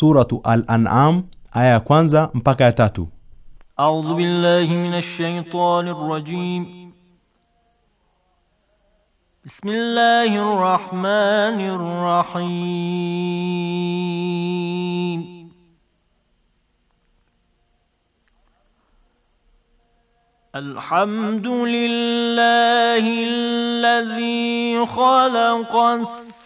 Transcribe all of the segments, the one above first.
suratu Al-An'am aya ya kwanza mpaka ya tatu. A'udhu billahi minash shaitani rajim. Bismillahir rahmanir rahim. الحمد لله الذي خلق السماوات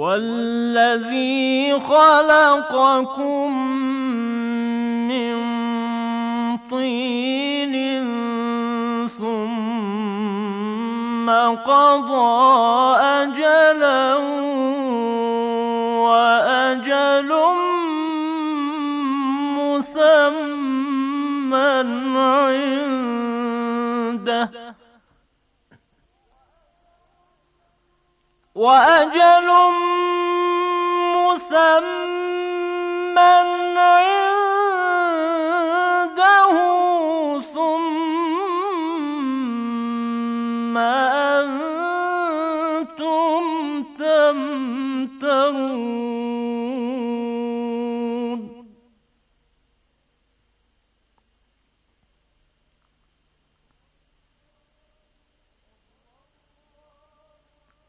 والذي خلقكم من طين ثم قضى أجلا وأجل مسمى عنده وأجل مسمى عنده ثم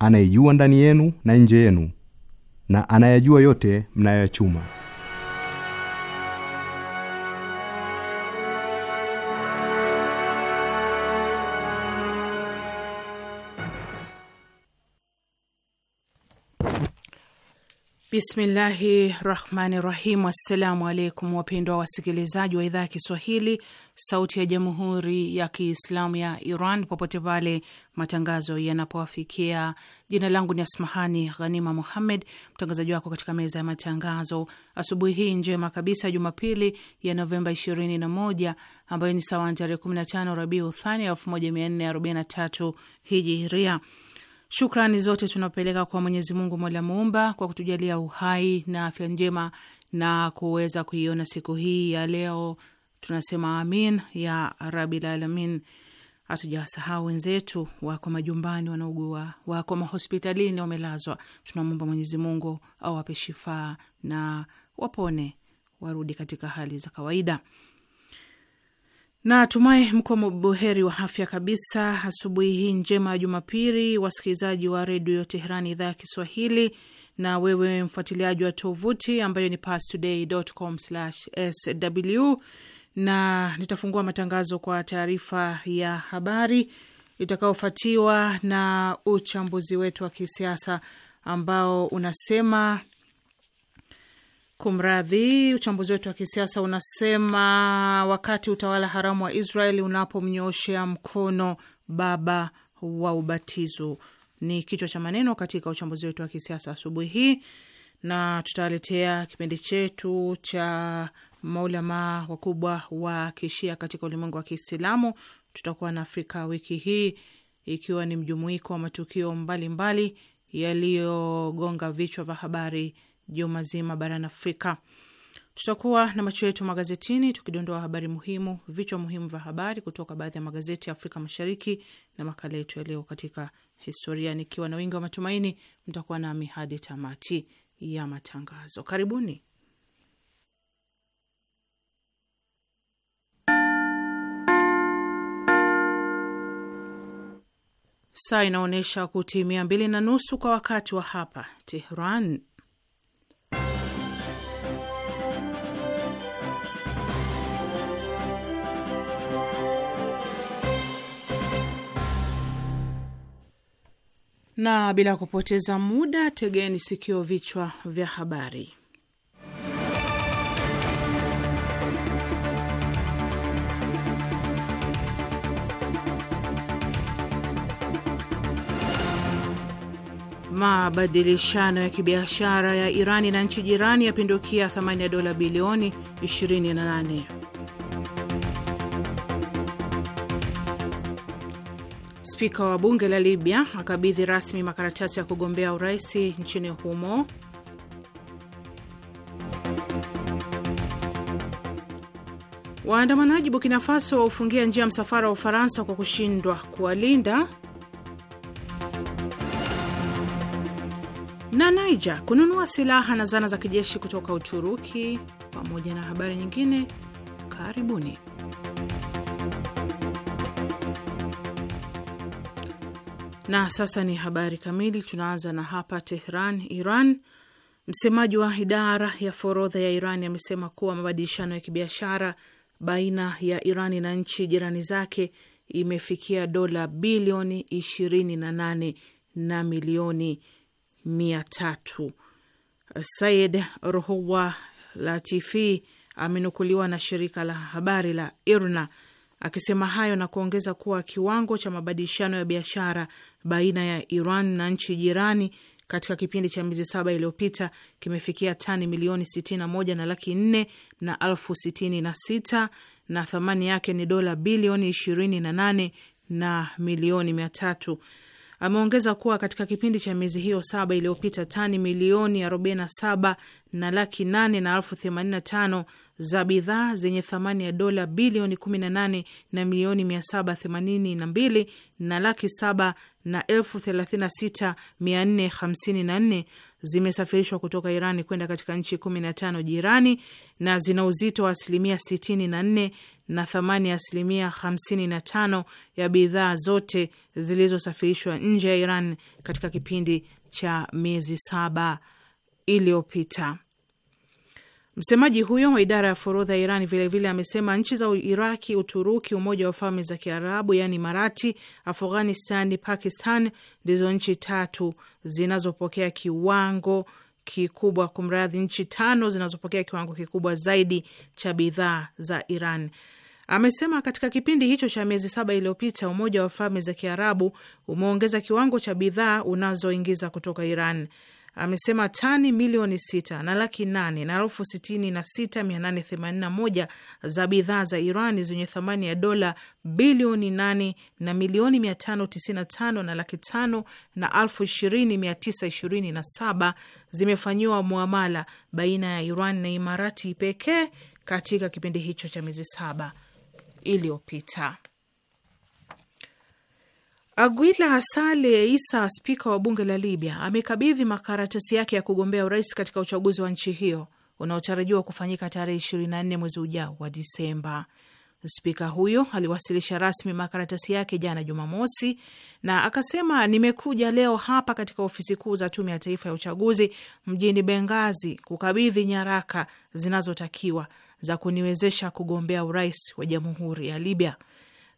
anayejua ndani yenu na nje yenu na anayajua yote mnayoyachuma. Bismillahi rahmani rahim. Assalamu alaikum wapendwa wasikilizaji wa idhaa ya Kiswahili sauti ya jamhuri ya Kiislamu ya Iran popote pale matangazo yanapowafikia. Jina langu ni Asmahani Ghanima Muhammed, mtangazaji wako katika meza ya matangazo asubuhi hii njema kabisa, Jumapili ya Novemba 21 ambayo ni sawa na tarehe 15 Rabiu Thani 1443 Hijiria. Shukrani zote tunapeleka kwa Mwenyezi Mungu mola muumba kwa kutujalia uhai na afya njema na kuweza kuiona siku hii ya leo. Tunasema amin ya rabil alamin. Hatujawasahau wenzetu, wako majumbani wanaugua, wako mahospitalini wamelazwa. Tunamwomba Mwenyezi Mungu awape shifaa na wapone, warudi katika hali za kawaida na tumai mko mboheri wa afya kabisa. Asubuhi hii njema ya Jumapili, wasikilizaji wa redio Teherani idhaa ya Kiswahili, na wewe mfuatiliaji wa tovuti ambayo ni pastoday.com/sw. Na nitafungua matangazo kwa taarifa ya habari itakayofuatiwa na uchambuzi wetu wa kisiasa ambao unasema Kumradhi, uchambuzi wetu wa kisiasa unasema wakati utawala haramu wa Israeli unapomnyooshea mkono baba wa ubatizo, ni kichwa cha maneno katika uchambuzi wetu wa kisiasa asubuhi hii, na tutawaletea kipindi chetu cha maulamaa wakubwa wa kishia katika ulimwengu wa Kiislamu. Tutakuwa na Afrika wiki hii ikiwa ni mjumuiko wa matukio mbalimbali yaliyogonga vichwa vya habari juma zima barani Afrika. Tutakuwa na macho yetu magazetini tukidondoa habari muhimu, vichwa muhimu vya habari kutoka baadhi ya magazeti ya Afrika Mashariki na makala yetu ya leo katika historia, nikiwa na wingi wa matumaini mtakuwa nami hadi tamati ya matangazo. Karibuni. Saa inaonyesha kutimia mbili na nusu kwa wakati wa hapa Tehran, na bila kupoteza muda, tegeni sikio, vichwa vya habari. Mabadilishano ya kibiashara ya Irani na nchi jirani yapindukia thamani ya dola bilioni 28. Spika wa bunge la Libya akabidhi rasmi makaratasi ya kugombea urais nchini humo. Waandamanaji Burkina Faso waufungia njia msafara wa Ufaransa kwa kushindwa kuwalinda. Na Niger kununua silaha na zana za kijeshi kutoka Uturuki, pamoja na habari nyingine. Karibuni. Na sasa ni habari kamili. Tunaanza na hapa Tehran, Iran. Msemaji wa idara ya forodha ya Iran amesema kuwa mabadilishano ya kibiashara baina ya iran na nchi jirani zake imefikia dola bilioni ishirini na nane na milioni mia tatu. Said Ruhuwa Latifi amenukuliwa na shirika la habari la IRNA akisema hayo na kuongeza kuwa kiwango cha mabadilishano ya biashara baina ya Iran na nchi jirani katika kipindi cha miezi saba iliyopita kimefikia tani milioni sitini na moja na laki nne na alfu sitini na sita na thamani yake ni dola bilioni ishirini na nane na milioni mia tatu. Ameongeza kuwa katika kipindi cha miezi hiyo saba iliyopita tani milioni arobaini na saba na laki nane na alfu themanini na tano za bidhaa zenye thamani ya dola bilioni kumi na nane na milioni mia saba themanini na mbili na laki saba na elfu thelathini na sita mia nne hamsini na nne zimesafirishwa kutoka iran kwenda katika nchi kumi na tano jirani na zina uzito wa asilimia sitini na nne na thamani ya asilimia hamsini na tano ya bidhaa zote zilizosafirishwa nje ya Iran katika kipindi cha miezi saba iliyopita. Msemaji huyo wa idara ya forodha ya Iran vilevile vile amesema nchi za Iraki, Uturuki, Umoja wa Falme za Kiarabu yaani Marati, Afghanistani, Pakistan ndizo nchi tatu zinazopokea kiwango kikubwa, kumradhi, nchi tano zinazopokea kiwango kikubwa zaidi cha bidhaa za Iran. Amesema katika kipindi hicho cha miezi saba iliyopita, Umoja wa Falme za Kiarabu umeongeza kiwango cha bidhaa unazoingiza kutoka Iran amesema tani milioni sita na laki nane na elfu sitini na sita mia nane themanini na moja za bidhaa za Iran zenye thamani ya dola bilioni nane na milioni mia tano tisini na tano na laki tano na elfu ishirini mia tisa ishirini na saba zimefanyiwa muamala baina ya Iran na Imarati pekee katika kipindi hicho cha miezi saba iliyopita. Aguila sale Isa, spika wa bunge la Libya, amekabidhi makaratasi yake ya kugombea urais katika uchaguzi wa nchi hiyo unaotarajiwa kufanyika tarehe 24 mwezi ujao wa Disemba. Spika huyo aliwasilisha rasmi makaratasi yake jana Jumamosi na akasema, nimekuja leo hapa katika ofisi kuu za Tume ya Taifa ya Uchaguzi mjini Bengazi kukabidhi nyaraka zinazotakiwa za kuniwezesha kugombea urais wa jamhuri ya Libya.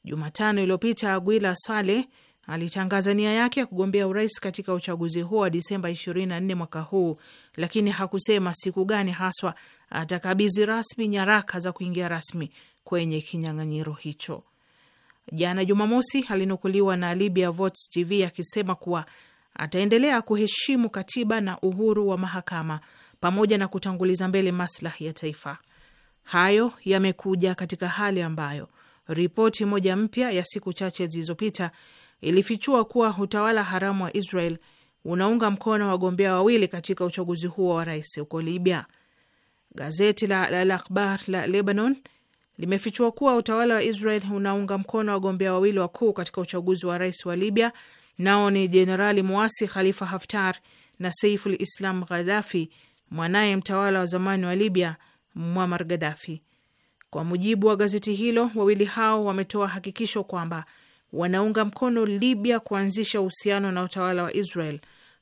Jumatano iliyopita Aguila Saleh alitangaza nia yake ya kugombea urais katika uchaguzi huo wa Disemba 24 mwaka huu, lakini hakusema siku gani haswa atakabidhi rasmi nyaraka za kuingia rasmi kwenye kinyang'anyiro hicho. Jana Jumamosi alinukuliwa na Libya Votes TV akisema kuwa ataendelea kuheshimu katiba na uhuru wa mahakama pamoja na kutanguliza mbele maslahi ya taifa. Hayo yamekuja katika hali ambayo ripoti moja mpya ya siku chache zilizopita ilifichua kuwa utawala haramu wa Israel unaunga mkono wagombea wawili katika uchaguzi huo wa rais huko Libya. Gazeti la Al Akhbar la Lebanon limefichua kuwa utawala wa Israel unaunga mkono wagombea wawili wakuu katika uchaguzi wa rais wa Libya, nao ni jenerali muasi Khalifa Haftar na Saiful Islam Ghadafi, mwanaye mtawala wa zamani wa Libya Muammar Gaddafi. Kwa mujibu wa gazeti hilo, wawili hao wametoa hakikisho kwamba wanaunga mkono Libya kuanzisha uhusiano na utawala wa Israel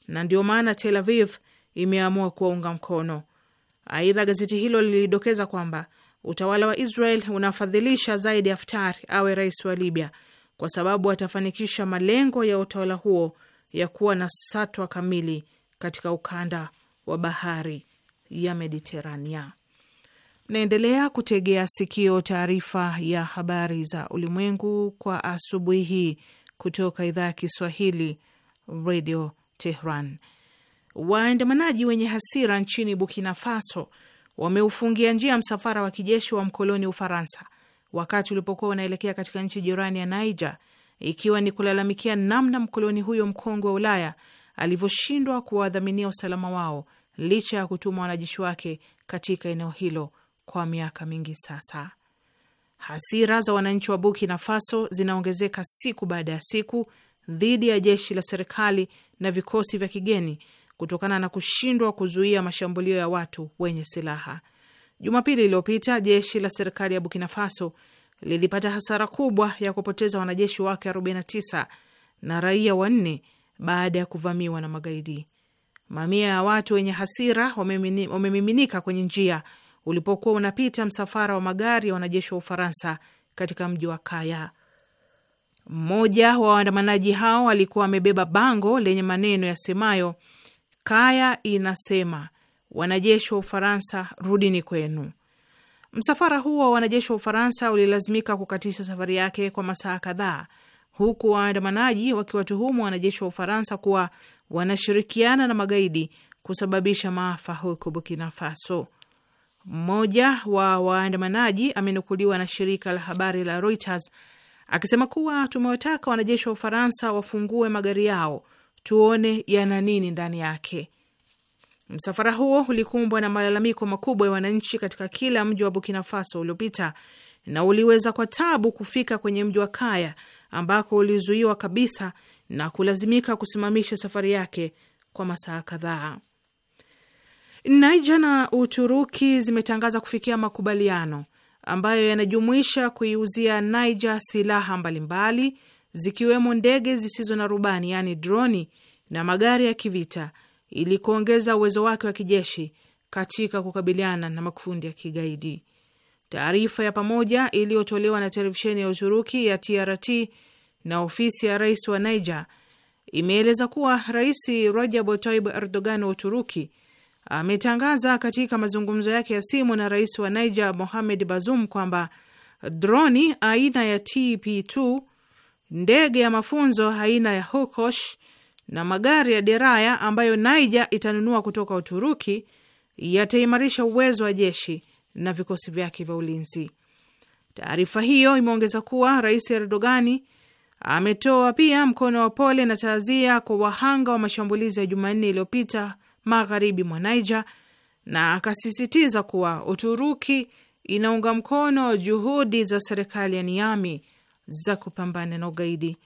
na ndio maana Tel Aviv imeamua kuwaunga mkono. Aidha, gazeti hilo lilidokeza kwamba utawala wa Israel unafadhilisha zaidi Haftar awe rais wa Libya kwa sababu atafanikisha malengo ya utawala huo ya kuwa na satwa kamili katika ukanda wa bahari ya Mediterania. Naendelea kutegea sikio taarifa ya habari za ulimwengu kwa asubuhi hii kutoka idhaa ya Kiswahili Radio Tehran. Waandamanaji wenye hasira nchini Burkina Faso wameufungia njia msafara wa kijeshi wa mkoloni Ufaransa wakati ulipokuwa unaelekea katika nchi jirani ya Niger, ikiwa ni kulalamikia namna mkoloni huyo mkongwe wa Ulaya alivyoshindwa kuwadhaminia usalama wao licha ya kutuma wanajeshi wake katika eneo hilo kwa miaka mingi sasa. Hasira za wananchi wa Burkina Faso zinaongezeka siku baada ya siku dhidi ya jeshi la serikali na vikosi vya kigeni kutokana na kushindwa kuzuia mashambulio ya watu wenye silaha. Jumapili iliyopita jeshi la serikali ya Burkina Faso lilipata hasara kubwa ya kupoteza wanajeshi wake 49 na raia wanne baada ya kuvamiwa na magaidi. Mamia ya watu wenye hasira wamemiminika kwenye njia ulipokuwa unapita msafara wa magari ya wanajeshi wa Ufaransa katika mji wa Kaya. Mmoja wa waandamanaji hao alikuwa amebeba bango lenye maneno yasemayo, Kaya inasema wanajeshi wa Ufaransa rudini kwenu. Msafara huo wa wanajeshi wa Ufaransa ulilazimika kukatisha safari yake kwa masaa kadhaa, huku waandamanaji wakiwatuhumu wanajeshi wa Ufaransa kuwa wanashirikiana na magaidi kusababisha maafa huko Burkina Faso. Mmoja wa waandamanaji amenukuliwa na shirika la habari la Reuters akisema kuwa tumewataka wanajeshi wa Ufaransa wafungue magari yao tuone yana nini ndani yake. Msafara huo ulikumbwa na malalamiko makubwa ya wananchi katika kila mji wa Burkina Faso uliopita na uliweza kwa tabu kufika kwenye mji wa Kaya ambako ulizuiwa kabisa na kulazimika kusimamisha safari yake kwa masaa kadhaa. Naija na Uturuki zimetangaza kufikia makubaliano ambayo yanajumuisha kuiuzia Naija silaha mbalimbali zikiwemo ndege zisizo na rubani yaani droni na magari ya kivita ili kuongeza uwezo wake wa kijeshi katika kukabiliana na makundi ya kigaidi. Taarifa ya pamoja iliyotolewa na televisheni ya Uturuki ya TRT na ofisi ya rais wa Niger imeeleza kuwa Rais Recep Tayyip Erdogan wa Uturuki ametangaza katika mazungumzo yake ya simu na rais wa Niger Mohamed Bazoum kwamba droni aina ya TP2, ndege ya mafunzo aina ya Hokosh na magari ya deraya ambayo Niger itanunua kutoka Uturuki yataimarisha uwezo wa jeshi na vikosi vyake vya ulinzi. Taarifa hiyo imeongeza kuwa rais Erdogani ametoa pia mkono wa pole na taazia kwa wahanga wa mashambulizi ya Jumanne iliyopita magharibi mwa Niger, na akasisitiza kuwa Uturuki inaunga mkono juhudi za serikali ya Niami za kupambana na ugaidi.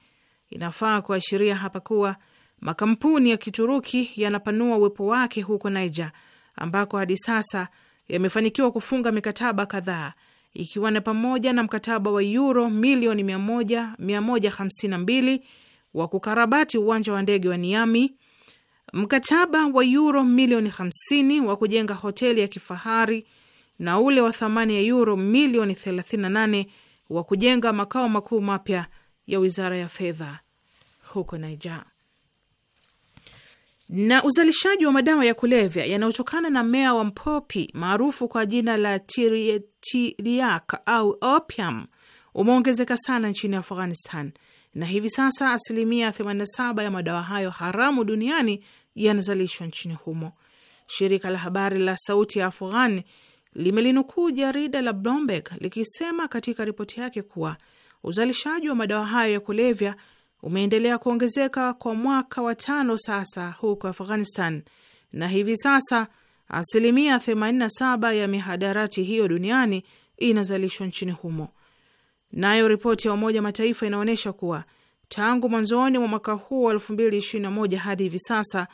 Inafaa kuashiria hapa kuwa makampuni ya Kituruki yanapanua uwepo wake huko Niger, ambako hadi sasa yamefanikiwa kufunga mikataba kadhaa ikiwa na pamoja na mkataba wa yuro milioni 152 wa kukarabati uwanja wa ndege wa Niami Mkataba wa yuro milioni 50 wa kujenga hoteli ya kifahari na ule wa thamani ya yuro milioni 38 wa kujenga makao makuu mapya ya wizara ya fedha huko Niger. Na uzalishaji wa madawa ya kulevya yanayotokana na mmea wa mpopi maarufu kwa jina la tiriak au opium umeongezeka sana nchini Afghanistan, na hivi sasa asilimia 87 ya madawa hayo haramu duniani yanazalishwa nchini humo. Shirika la habari la Sauti ya Afghan limelinukuu jarida la Bloomberg likisema katika ripoti yake kuwa uzalishaji wa madawa hayo ya kulevya umeendelea kuongezeka kwa mwaka wa tano sasa huko Afghanistan, na hivi sasa asilimia 87 ya mihadarati hiyo duniani inazalishwa nchini humo. Nayo ripoti ya Umoja Mataifa inaonyesha kuwa tangu mwanzoni mwa mwaka huu wa 2021 hadi hivi sasa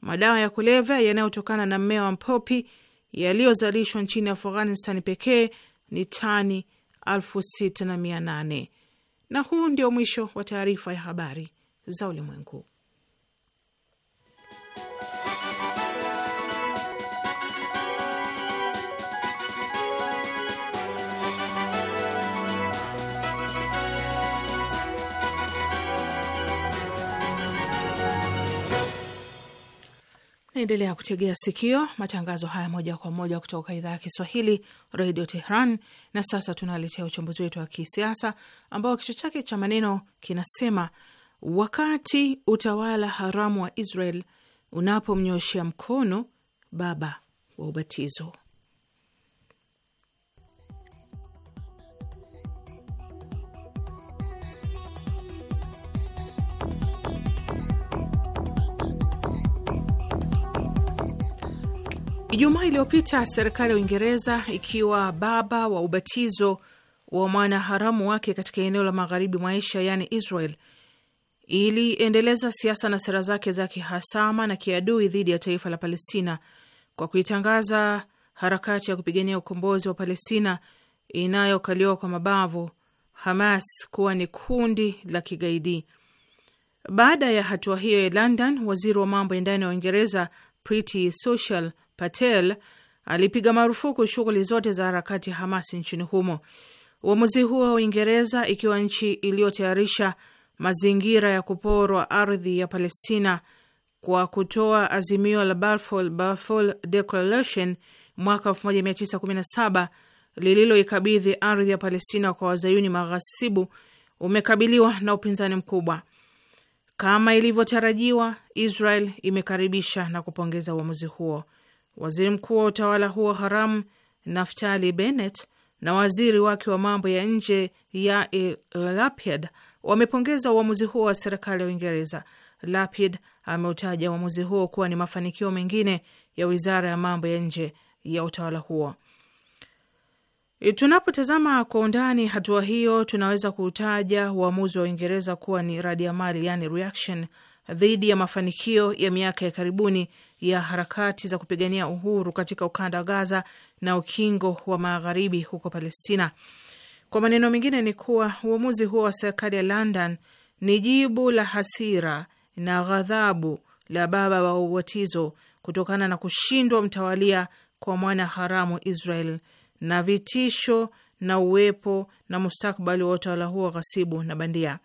madawa ya kulevya yanayotokana na mmea wa mpopi yaliyozalishwa nchini Afghanistan pekee ni tani elfu sita na mia nane. Na huu ndio mwisho wa taarifa ya habari za ulimwengu. Naendelea kutegea sikio matangazo haya moja kwa moja kutoka idhaa ya Kiswahili redio Tehran. Na sasa tunaletea uchambuzi wetu wa kisiasa ambao kichwa chake cha maneno kinasema wakati utawala haramu wa Israel unapomnyoshea mkono baba wa ubatizo. Ijumaa iliyopita serikali ya Uingereza ikiwa baba wa ubatizo wa mwanaharamu wake katika eneo la magharibi mwa Asia yaani Israel iliendeleza siasa na sera zake za kihasama na kiadui dhidi ya taifa la Palestina kwa kuitangaza harakati ya kupigania ukombozi wa Palestina inayokaliwa kwa mabavu Hamas kuwa ni kundi la kigaidi. Baada ya hatua hiyo ya London, waziri wa mambo ya ndani wa Uingereza Priti Social Patel alipiga marufuku shughuli zote za harakati ya nchini humo. Uamuzi huo wa Uingereza, ikiwa nchi iliyotayarisha mazingira ya kuporwa ardhi ya Palestina kwa kutoa azimio la Balfour, Balfour Declaration mwaka 1917 lililoikabidhi ardhi ya Palestina kwa wazayuni maghasibu, umekabiliwa na upinzani mkubwa. Kama ilivyotarajiwa, Israel imekaribisha na kupongeza uamuzi huo. Waziri mkuu wa utawala huo haramu Naftali Bennett na waziri wake wa mambo ya nje Yair Lapid wamepongeza uamuzi huo wa serikali ya Uingereza. Lapid ameutaja uamuzi huo kuwa ni mafanikio mengine ya wizara ya mambo ya nje ya utawala huo. E, tunapotazama kwa undani hatua hiyo, tunaweza kuutaja uamuzi wa Uingereza kuwa ni radiamali, yani reaction, dhidi ya mafanikio ya miaka ya karibuni ya harakati za kupigania uhuru katika ukanda wa Gaza na ukingo wa magharibi huko Palestina. Kwa maneno mengine, ni kuwa uamuzi huo wa serikali ya London ni jibu la hasira na ghadhabu la baba wa ubatizo kutokana na kushindwa mtawalia kwa mwana haramu Israel na vitisho na uwepo na mustakbali wa utawala huo ghasibu na bandia.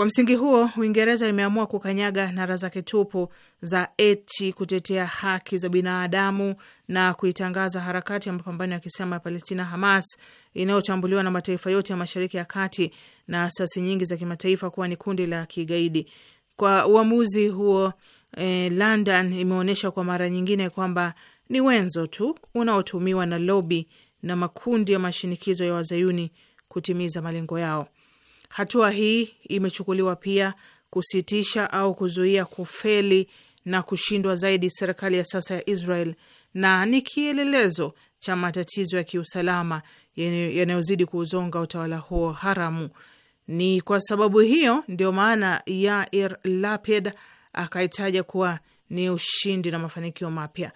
Kwa msingi huo, Uingereza imeamua kukanyaga nara zake tupu za eti kutetea haki za binadamu na kuitangaza harakati ya mapambano ya kiislamu ya Palestina, Hamas, inayotambuliwa na mataifa yote ya Mashariki ya Kati na asasi nyingi za kimataifa kuwa ni kundi la kigaidi. Kwa uamuzi huo, eh, London imeonyesha kwa mara nyingine kwamba ni wenzo tu unaotumiwa na lobi na makundi ya mashinikizo ya wazayuni kutimiza malengo yao. Hatua hii imechukuliwa pia kusitisha au kuzuia kufeli na kushindwa zaidi serikali ya sasa ya Israel na ni kielelezo cha matatizo ya kiusalama yanayozidi kuuzonga utawala huo haramu. Ni kwa sababu hiyo ndio maana Yair Lapid akaitaja kuwa ni ushindi na mafanikio mapya.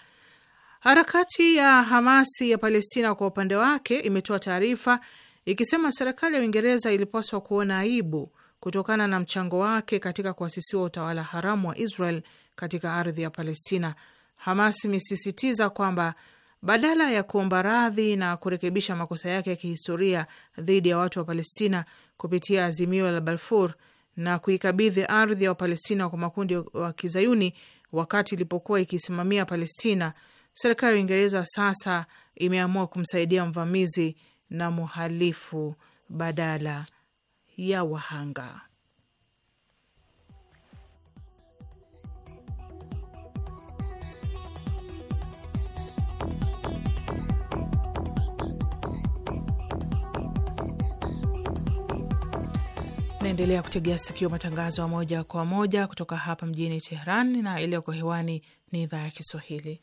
Harakati ya Hamasi ya Palestina kwa upande wake imetoa taarifa ikisema serikali ya Uingereza ilipaswa kuona aibu kutokana na mchango wake katika kuasisiwa utawala haramu wa Israel katika ardhi ya Palestina. Hamas imesisitiza kwamba badala ya kuomba radhi na kurekebisha makosa yake ya kihistoria dhidi ya watu wa Palestina kupitia azimio la Balfour na kuikabidhi ardhi ya Wapalestina kwa makundi wa kizayuni wakati ilipokuwa ikisimamia Palestina, serikali ya Uingereza sasa imeamua kumsaidia mvamizi na muhalifu badala ya wahanga. Naendelea kutegea sikio matangazo ya moja kwa moja kutoka hapa mjini Teheran, na iliyoko hewani ni idhaa ya Kiswahili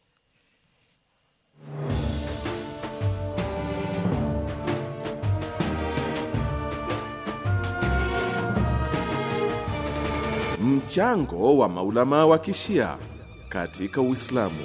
Mchango wa maulama wa kishia katika Uislamu.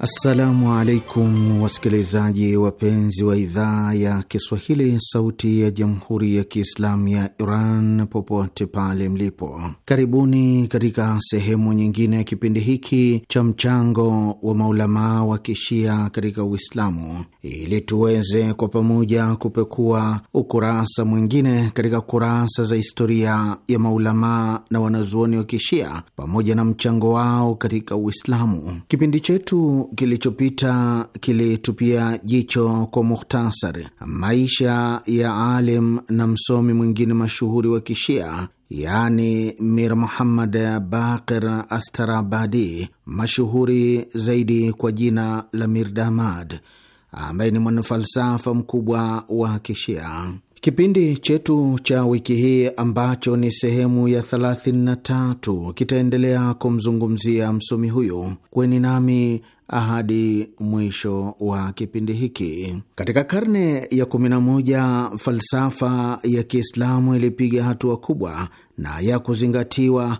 Assalamu alaikum wasikilizaji wapenzi wa idhaa ya Kiswahili, sauti ya jamhuri ya kiislamu ya Iran, popote pale mlipo, karibuni katika sehemu nyingine ya kipindi hiki cha mchango wa maulamaa wa kishia katika Uislamu ili tuweze kwa pamoja kupekua ukurasa mwingine katika kurasa za historia ya maulamaa na wanazuoni wa Kishia pamoja na mchango wao katika Uislamu. Kipindi chetu kilichopita kilitupia jicho kwa mukhtasari maisha ya alim na msomi mwingine mashuhuri wa Kishia yaani Mir Muhammad Baqir Astarabadi, mashuhuri zaidi kwa jina la Mirdamad Damad ambaye ni mwanafalsafa mkubwa wa Kishia. Kipindi chetu cha wiki hii ambacho ni sehemu ya 33 kitaendelea kumzungumzia msomi huyu. Kweni nami ahadi mwisho wa kipindi hiki. Katika karne ya 11 falsafa ya Kiislamu ilipiga hatua kubwa na ya kuzingatiwa,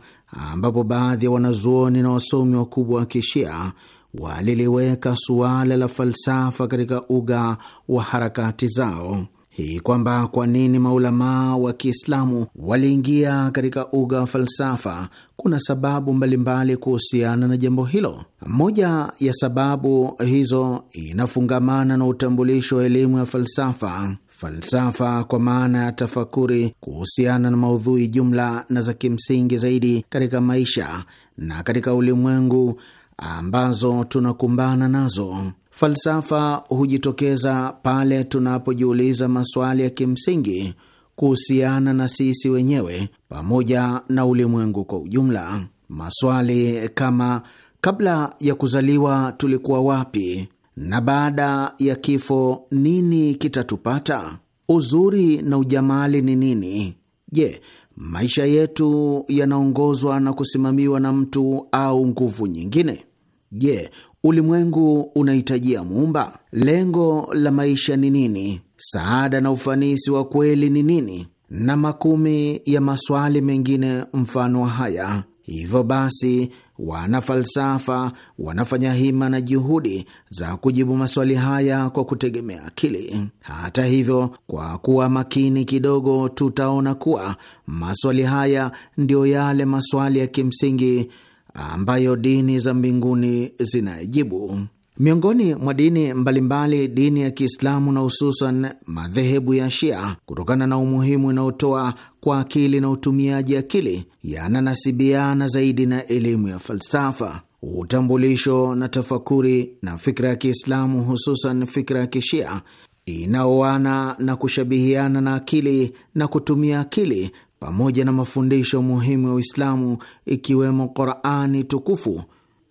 ambapo baadhi ya wanazuoni na wasomi wakubwa wa Kishia waliliweka suala la falsafa katika uga wa harakati zao hii kwamba kwa nini maulamaa wa Kiislamu waliingia katika uga wa falsafa. Kuna sababu mbalimbali kuhusiana na jambo hilo. Moja ya sababu hizo inafungamana na utambulisho wa elimu ya falsafa. Falsafa kwa maana ya tafakuri kuhusiana na maudhui jumla na za kimsingi zaidi katika maisha na katika ulimwengu ambazo tunakumbana nazo. Falsafa hujitokeza pale tunapojiuliza maswali ya kimsingi kuhusiana na sisi wenyewe pamoja na ulimwengu kwa ujumla. Maswali kama kabla ya kuzaliwa tulikuwa wapi, na baada ya kifo nini kitatupata? Uzuri na ujamali ni nini? Je, maisha yetu yanaongozwa na kusimamiwa na mtu au nguvu nyingine? Je, ulimwengu unahitajia muumba? Lengo la maisha ni nini? Saada na ufanisi wa kweli ni nini? na makumi ya maswali mengine mfano wa haya. Hivyo basi, wana falsafa wanafanya hima na juhudi za kujibu maswali haya kwa kutegemea akili. Hata hivyo, kwa kuwa makini kidogo, tutaona kuwa maswali haya ndiyo yale maswali ya kimsingi ambayo dini za mbinguni zinayejibu Miongoni mwa dini mbalimbali, dini ya Kiislamu na hususan madhehebu ya Shia, kutokana na umuhimu inaotoa kwa akili na utumiaji akili, yananasibiana zaidi na elimu ya falsafa utambulisho na tafakuri na fikra ya Kiislamu, hususan fikra ya Kishia inaoana na kushabihiana na akili na kutumia akili pamoja na mafundisho muhimu ya Uislamu ikiwemo Qurani tukufu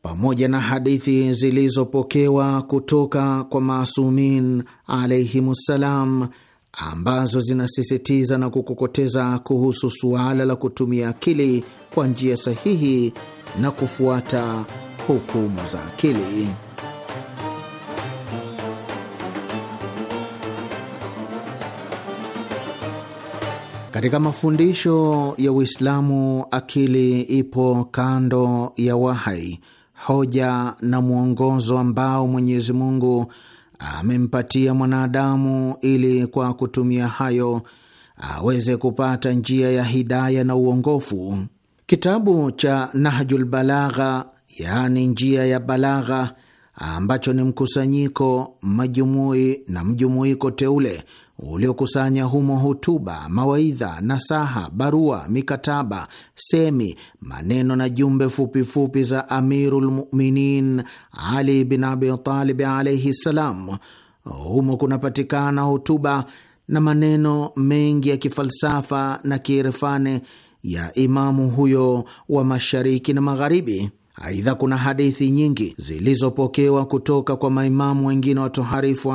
pamoja na hadithi zilizopokewa kutoka kwa Masumin ssalam ambazo zinasisitiza na kukokoteza kuhusu suala la kutumia akili kwa njia sahihi na kufuata hukumu za akili. Katika mafundisho ya Uislamu akili ipo kando ya wahai, hoja na mwongozo ambao Mwenyezi Mungu amempatia mwanadamu ili kwa kutumia hayo aweze kupata njia ya hidaya na uongofu. Kitabu cha Nahjul Balagha, yaani njia ya balagha ambacho ni mkusanyiko, majumui na mjumuiko teule uliokusanya humo hotuba, mawaidha, nasaha, barua, mikataba, semi, maneno na jumbe fupifupi za amirulmuminin Ali bin Abi alaihi ssalam. Humo kunapatikana hotuba na maneno mengi ya kifalsafa na kiirfani ya imamu huyo wa mashariki na magharibi. Aidha, kuna hadithi nyingi zilizopokewa kutoka kwa maimamu wengine watoharifu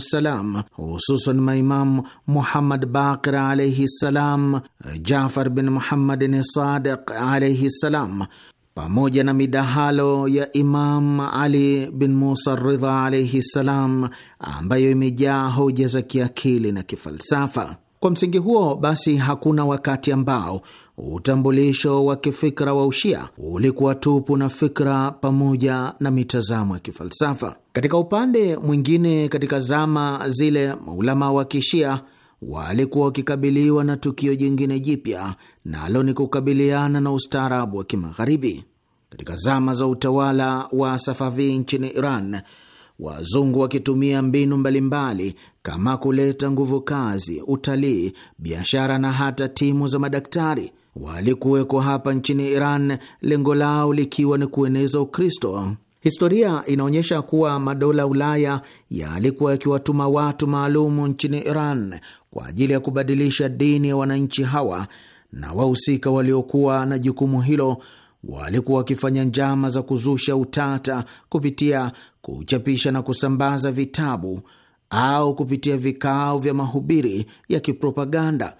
ssalam, hususan maimamu Muhammad Baqir alaihi ssalam, Jafar bin Muhammadin Sadiq alaihi ssalam pamoja na midahalo ya Imam Ali bin Musa Ridha alaihi ssalam, ambayo imejaa hoja za kiakili na kifalsafa. Kwa msingi huo basi, hakuna wakati ambao utambulisho wa kifikra wa Ushia ulikuwa tupu na fikra pamoja na mitazamo ya kifalsafa. Katika upande mwingine, katika zama zile maulama wa kishia walikuwa wakikabiliwa na tukio jingine jipya, nalo ni kukabiliana na ustaarabu wa kimagharibi. Katika zama za utawala wa Safavi nchini Iran, wazungu wakitumia mbinu mbalimbali kama kuleta nguvu kazi, utalii, biashara na hata timu za madaktari walikuwekwa hapa nchini Iran, lengo lao likiwa ni kueneza Ukristo. Historia inaonyesha kuwa madola Ulaya yalikuwa yakiwatuma watu maalumu nchini Iran kwa ajili ya kubadilisha dini ya wananchi hawa, na wahusika waliokuwa na jukumu hilo walikuwa wakifanya njama za kuzusha utata kupitia kuchapisha na kusambaza vitabu au kupitia vikao vya mahubiri ya kipropaganda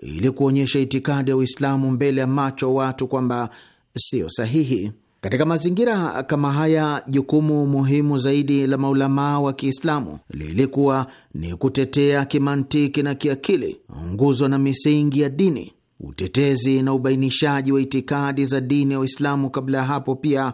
ili kuonyesha itikadi ya Uislamu mbele ya macho watu kwamba siyo sahihi. Katika mazingira kama haya, jukumu muhimu zaidi la maulamaa wa Kiislamu lilikuwa ni kutetea kimantiki na kiakili nguzo na misingi ya dini. Utetezi na ubainishaji wa itikadi za dini ya Uislamu kabla ya hapo pia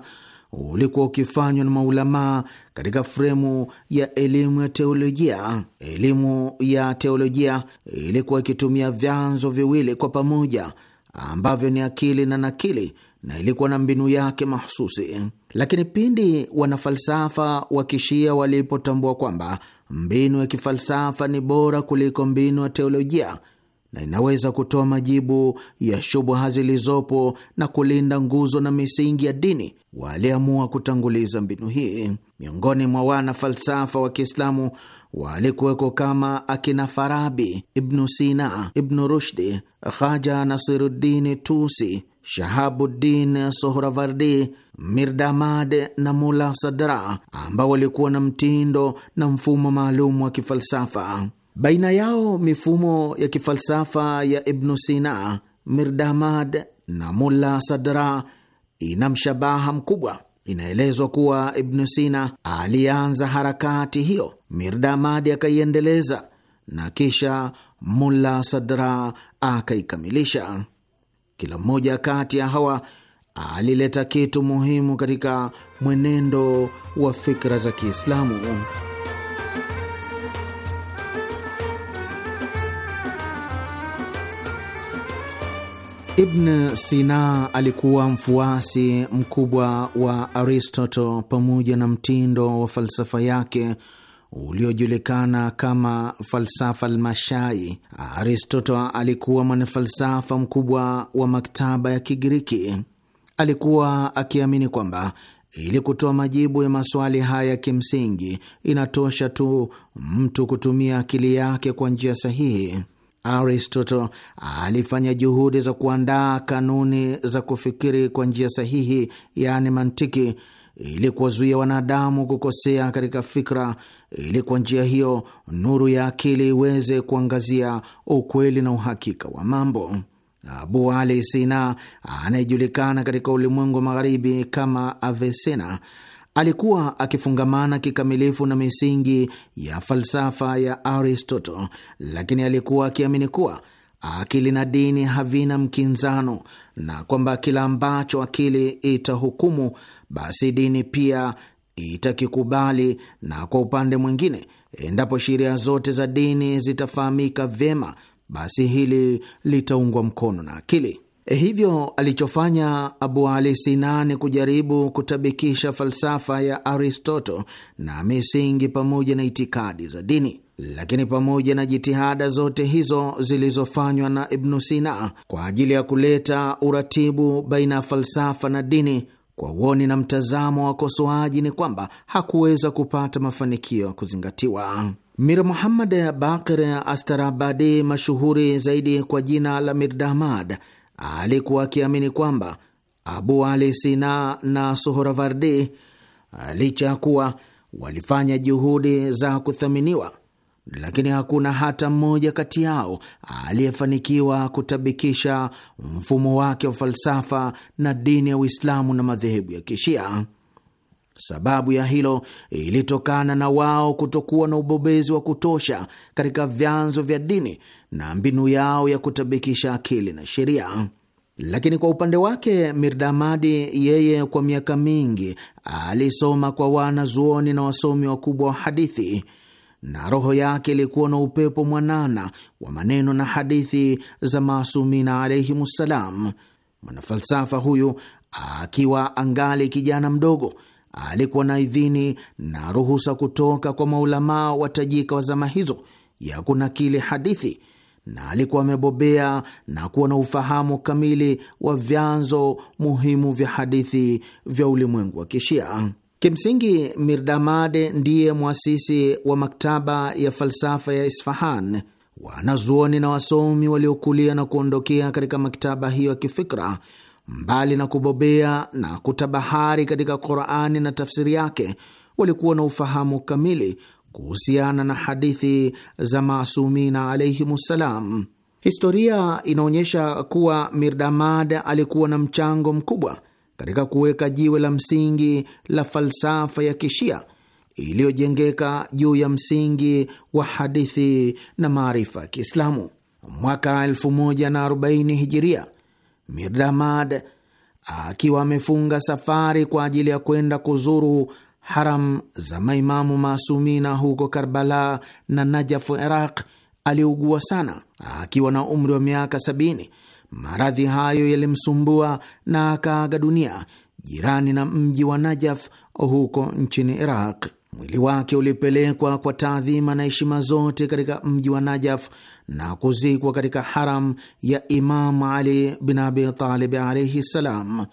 ulikuwa ukifanywa na maulamaa katika fremu ya elimu ya teolojia. Elimu ya teolojia ilikuwa ikitumia vyanzo viwili kwa pamoja ambavyo ni akili na nakili na ilikuwa na mbinu yake mahususi Lakini pindi wanafalsafa wa kishia walipotambua kwamba mbinu ya kifalsafa ni bora kuliko mbinu ya teolojia na inaweza kutoa majibu ya shubha zilizopo na kulinda nguzo na misingi ya dini, waliamua kutanguliza mbinu hii. Miongoni mwa wana falsafa wa Kiislamu walikuweko kama akina Farabi, Ibnu Sina, Ibnu Rushdi, Khaja Nasiruddini Tusi, Shahabuddin Sohravardi, Mirdamad na Mula Sadra, ambao walikuwa na mtindo na mfumo maalum wa kifalsafa. Baina yao mifumo ya kifalsafa ya Ibnu Sina, Mirdamad na Mulla Sadra ina mshabaha mkubwa. Inaelezwa kuwa Ibnu Sina alianza harakati hiyo, Mirdamadi akaiendeleza na kisha Mulla Sadra akaikamilisha. Kila mmoja kati ya hawa alileta kitu muhimu katika mwenendo wa fikra za Kiislamu. Ibn Sina alikuwa mfuasi mkubwa wa Aristotle pamoja na mtindo wa falsafa yake uliojulikana kama falsafa almashai aristoto Aristotle alikuwa mwanafalsafa mkubwa wa maktaba ya Kigiriki. Alikuwa akiamini kwamba ili kutoa majibu ya maswali haya kimsingi, inatosha tu mtu kutumia akili yake kwa njia sahihi. Aristotle alifanya juhudi za kuandaa kanuni za kufikiri kwa njia sahihi, yaani mantiki, ili kuwazuia wanadamu kukosea katika fikra, ili kwa njia hiyo nuru ya akili iweze kuangazia ukweli na uhakika wa mambo. Abu Ali Sina anayejulikana katika ulimwengu wa magharibi kama Avesena alikuwa akifungamana kikamilifu na misingi ya falsafa ya Aristotle, lakini alikuwa akiamini kuwa akili na dini havina mkinzano na kwamba kila ambacho akili itahukumu basi dini pia itakikubali, na kwa upande mwingine, endapo sheria zote za dini zitafahamika vyema, basi hili litaungwa mkono na akili. E, hivyo alichofanya Abu Ali Sina ni kujaribu kutabikisha falsafa ya Aristoto na misingi pamoja na itikadi za dini. Lakini pamoja na jitihada zote hizo zilizofanywa na Ibnu Sina kwa ajili ya kuleta uratibu baina ya falsafa na dini, kwa uoni na mtazamo wa wakosoaji ni kwamba hakuweza kupata mafanikio ya kuzingatiwa. Mir Muhammad Bakir Astarabadi, mashuhuri zaidi kwa jina la Mirdamad, alikuwa akiamini kwamba Abu Ali Sina na Suhoravardi licha ya kuwa walifanya juhudi za kuthaminiwa, lakini hakuna hata mmoja kati yao aliyefanikiwa kutabikisha mfumo wake wa falsafa na dini ya Uislamu na madhehebu ya Kishia. Sababu ya hilo ilitokana na wao kutokuwa na ubobezi wa kutosha katika vyanzo vya dini na mbinu yao ya kutabikisha akili na sheria. Lakini kwa upande wake Mirdamadi, yeye kwa miaka mingi alisoma kwa wanazuoni na wasomi wakubwa wa hadithi, na roho yake ilikuwa na upepo mwanana wa maneno na hadithi za maasumina alaihimussalam. Mwanafalsafa huyu akiwa angali kijana mdogo alikuwa na idhini na ruhusa kutoka kwa maulamaa watajika wa zama hizo ya kunakili hadithi na alikuwa amebobea na kuwa na ufahamu kamili wa vyanzo muhimu vya hadithi vya ulimwengu wa Kishia. Kimsingi, Mirdamade ndiye mwasisi wa maktaba ya falsafa ya Isfahan. Wanazuoni na wasomi waliokulia na kuondokea katika maktaba hiyo ya kifikra Mbali na kubobea na kutabahari katika Qurani na tafsiri yake, walikuwa na ufahamu kamili kuhusiana na hadithi za maasumina alaihimussalam. Historia inaonyesha kuwa Mirdamad alikuwa na mchango mkubwa katika kuweka jiwe la msingi la falsafa ya Kishia iliyojengeka juu ya msingi wa hadithi na maarifa ya Kiislamu. Mwaka 1040 hijiria Mirdamad akiwa amefunga safari kwa ajili ya kwenda kuzuru haram za maimamu maasumina huko Karbala na Najafu, Iraq, aliugua sana akiwa na umri wa miaka sabini. Maradhi hayo yalimsumbua na akaaga dunia jirani na mji wa Najaf huko nchini Iraq. Mwili wake ulipelekwa kwa taadhima na heshima zote katika mji wa Najaf na kuzikwa katika haram ya Imam Ali bin Abi Talib alaihi ssalam.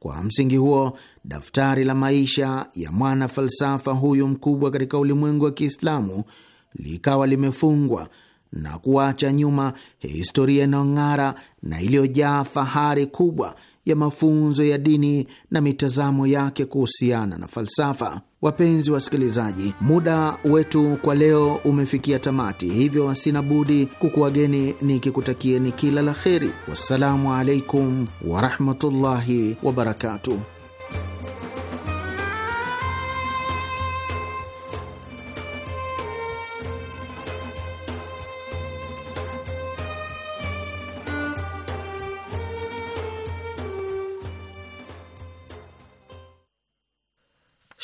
Kwa msingi huo, daftari la maisha ya mwana falsafa huyu mkubwa katika ulimwengu wa Kiislamu likawa limefungwa na kuacha nyuma historia inayong'ara na iliyojaa fahari kubwa ya mafunzo ya dini na mitazamo yake kuhusiana na falsafa. Wapenzi wasikilizaji, muda wetu kwa leo umefikia tamati, hivyo sina budi kukuwageni nikikutakieni kila la kheri. Wassalamu alaikum warahmatullahi wabarakatuh.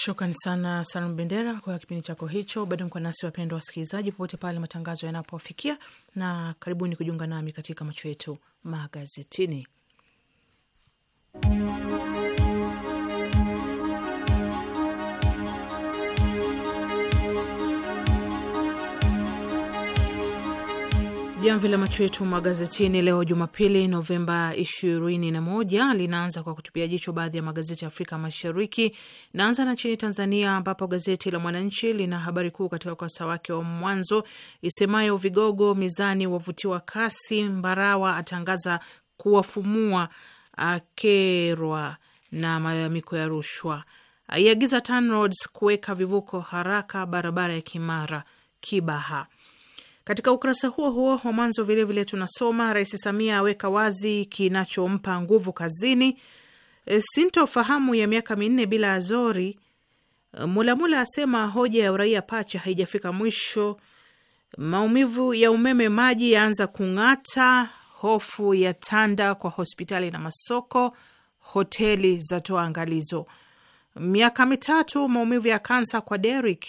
Shukran sana Salum Bendera kwa kipindi chako hicho. Bado mko nasi wapendwa wasikilizaji, popote pale matangazo yanapofikia, na karibuni kujiunga nami katika macho yetu magazetini. Jamvi la macho yetu magazetini leo Jumapili, Novemba 21 linaanza kwa kutupia jicho baadhi ya magazeti ya Afrika Mashariki. Naanza na nchini Tanzania, ambapo gazeti la Mwananchi lina habari kuu katika ukurasa wake wa mwanzo isemayo vigogo mizani wavutiwa kasi, Mbarawa atangaza kuwafumua, akerwa na malalamiko ya rushwa, aiagiza TANROADS kuweka vivuko haraka barabara ya Kimara Kibaha. Katika ukurasa huo huo wa mwanzo vilevile tunasoma Rais Samia aweka wazi kinachompa nguvu kazini, e, sintofahamu ya miaka minne bila Azori, e, Mulamula asema hoja ya uraia pacha haijafika mwisho, maumivu ya umeme maji yaanza kung'ata, hofu ya tanda kwa hospitali na masoko, hoteli zatoa angalizo, miaka mitatu maumivu ya kansa kwa Derrick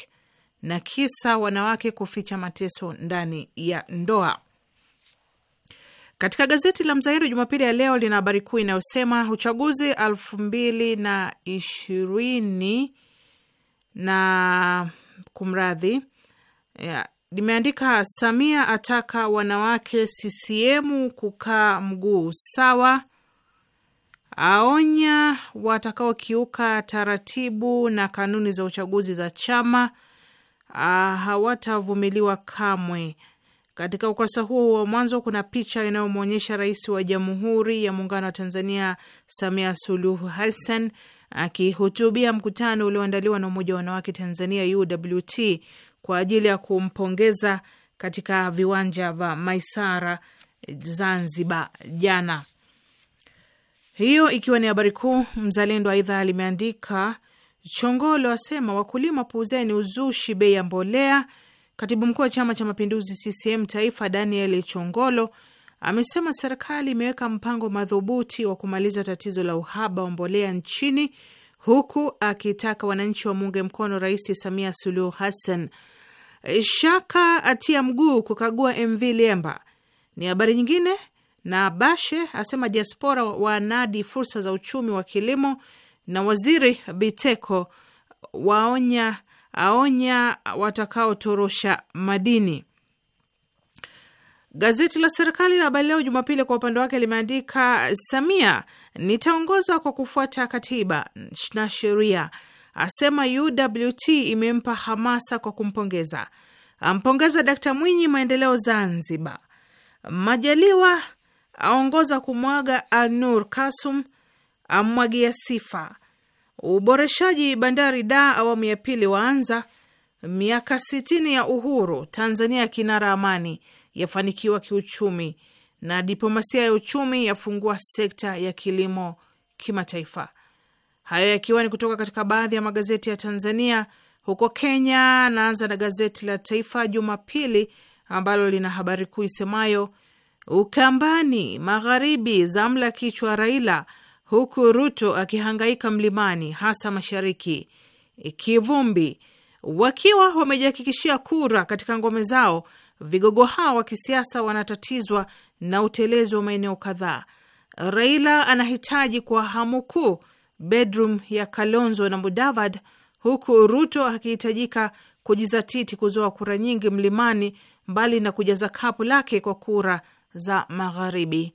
na kisa wanawake kuficha mateso ndani ya ndoa. Katika gazeti la Mzayiri Jumapili ya leo lina habari kuu inayosema uchaguzi elfu mbili na ishirini na kumradhi, limeandika Samia ataka wanawake CCM kukaa mguu sawa, aonya watakaokiuka taratibu na kanuni za uchaguzi za chama Ah, hawatavumiliwa kamwe. Katika ukurasa huo wa mwanzo kuna picha inayomwonyesha Rais wa Jamhuri ya Muungano wa Tanzania Samia Suluhu Hassan akihutubia mkutano ulioandaliwa na Umoja wa Wanawake Tanzania UWT kwa ajili ya kumpongeza katika viwanja vya Maisara Zanzibar jana. Hiyo ikiwa ni habari kuu. Mzalendo aidha limeandika Chongolo asema wakulima puuzeni uzushi bei ya mbolea. Katibu mkuu wa chama cha mapinduzi CCM taifa Daniel Chongolo amesema serikali imeweka mpango madhubuti wa kumaliza tatizo la uhaba wa mbolea nchini, huku akitaka wananchi wamuunge mkono Rais Samia Suluhu Hassan. Shaka atia mguu kukagua MV Lemba ni habari nyingine, na Bashe asema diaspora wanadi fursa za uchumi wa kilimo na waziri Biteko waonya aonya watakaotorosha madini. Gazeti la serikali la Habari Leo Jumapili kwa upande wake limeandika Samia, nitaongoza kwa kufuata katiba na sheria, asema UWT imempa hamasa kwa kumpongeza, ampongeza Dkt Mwinyi maendeleo Zanzibar. Majaliwa aongoza kumwaga Alnur Kasum ammwagia sifa. Uboreshaji bandari da awamu ya pili waanza. Miaka sitini ya uhuru, Tanzania ya kinara amani yafanikiwa kiuchumi, na diplomasia ya uchumi yafungua sekta ya kilimo kimataifa. Hayo yakiwa ni kutoka katika baadhi ya magazeti ya Tanzania. Huko Kenya, naanza na gazeti la Taifa Jumapili ambalo lina habari kuu isemayo Ukambani Magharibi zamla kichwa Raila huku Ruto akihangaika mlimani, hasa mashariki, e, kivumbi, wakiwa wamejihakikishia kura katika ngome zao. Vigogo hao wa kisiasa wanatatizwa na utelezi wa maeneo kadhaa. Raila anahitaji kwa hamu kuu bedroom ya Kalonzo na Mudavadi, huku Ruto akihitajika kujizatiti kuzoa kura nyingi mlimani, mbali na kujaza kapu lake kwa kura za magharibi.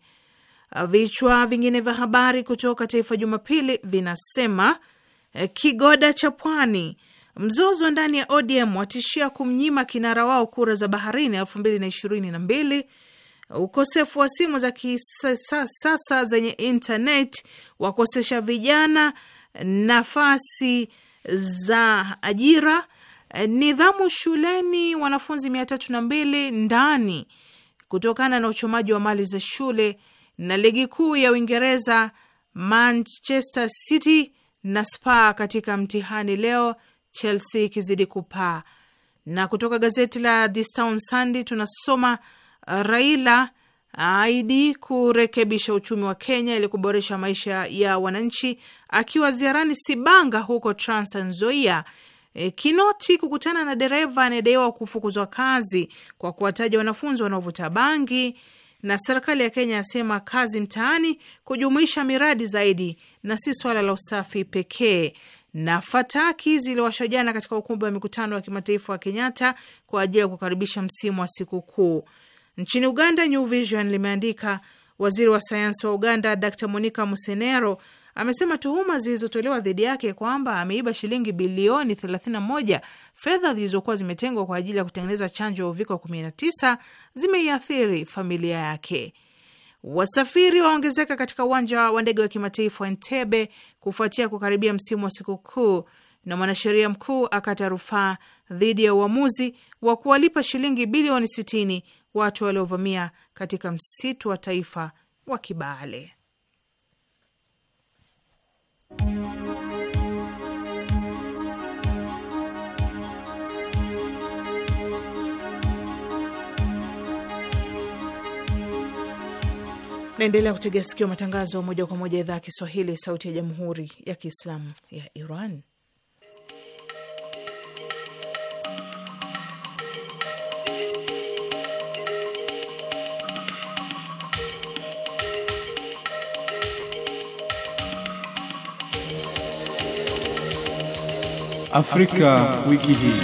Uh, vichwa vingine vya habari kutoka Taifa Jumapili vinasema eh, kigoda cha pwani, mzozo ndani ya ODM watishia kumnyima kinara wao kura za baharini elfu mbili na ishirini na mbili. Ukosefu wa simu za kisasa zenye intaneti wakosesha vijana nafasi za ajira. Eh, nidhamu shuleni, wanafunzi mia tatu na mbili ndani kutokana na uchomaji wa mali za shule na ligi kuu ya Uingereza, Manchester City na Spa katika mtihani leo, Chelsea ikizidi kupaa. Na kutoka gazeti la The sandy Sunday tunasoma Raila aidi kurekebisha uchumi wa Kenya ili kuboresha maisha ya wananchi. Akiwa ziarani Sibanga huko Trans Nzoia, e, Kinoti kukutana na dereva anayedaiwa kufukuzwa kazi kwa kuwataja wanafunzi wanaovuta bangi na serikali ya Kenya yasema kazi mtaani kujumuisha miradi zaidi na si swala la usafi pekee. Na fataki ziliwashwa jana katika ukumbi wa mikutano wa kimataifa wa Kenyatta kwa ajili ya kukaribisha msimu wa sikukuu. Nchini Uganda, New Vision limeandika waziri wa sayansi wa Uganda Dr Monica Musenero amesema tuhuma zilizotolewa dhidi yake kwamba ameiba shilingi bilioni 31 fedha zilizokuwa zimetengwa kwa ajili ya kutengeneza chanjo ya uviko 19 zimeiathiri familia yake. Wasafiri waongezeka katika uwanja wa ndege wa kimataifa wa Entebbe kufuatia kukaribia msimu wa sikukuu, na mwanasheria mkuu akata rufaa dhidi ya uamuzi wa kuwalipa shilingi bilioni 60 watu waliovamia katika msitu wa taifa wa Kibale. Naendelea kutegea sikio matangazo moja kwa moja idhaa ya Kiswahili, sauti ya jamhuri ya kiislamu ya Iran. Afrika, wiki hii.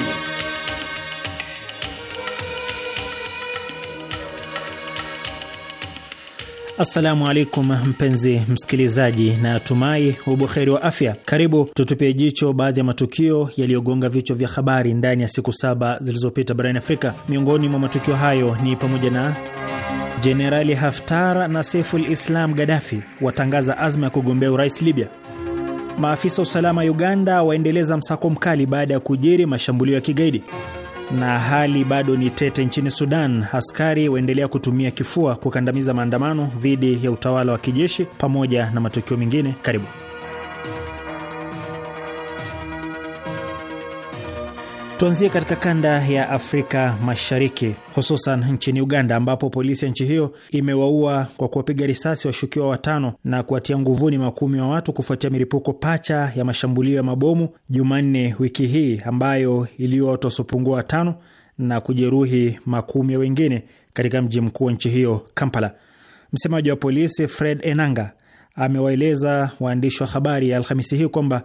Assalamu alaikum mpenzi msikilizaji, na tumai ubuheri wa afya. Karibu tutupie jicho baadhi ya matukio yaliyogonga vichwa vya habari ndani ya siku saba zilizopita barani Afrika. Miongoni mwa matukio hayo ni pamoja na Jenerali Haftar na Saiful Islam Gaddafi watangaza azma ya kugombea urais Libya, Maafisa wa usalama Uganda waendeleza msako mkali baada ya kujiri mashambulio ya kigaidi, na hali bado ni tete nchini Sudan. Askari waendelea kutumia kifua kukandamiza maandamano dhidi ya utawala wa kijeshi, pamoja na matukio mengine. Karibu. Tuanzie katika kanda ya Afrika Mashariki, hususan nchini Uganda, ambapo polisi ya nchi hiyo imewaua kwa kuwapiga risasi washukiwa watano na kuwatia nguvuni makumi wa watu kufuatia milipuko pacha ya mashambulio ya mabomu Jumanne wiki hii ambayo iliua watu wasiopungua watano na kujeruhi makumi ya wengine katika mji mkuu wa nchi hiyo Kampala. Msemaji wa polisi Fred Enanga amewaeleza waandishi wa habari ya Alhamisi hii kwamba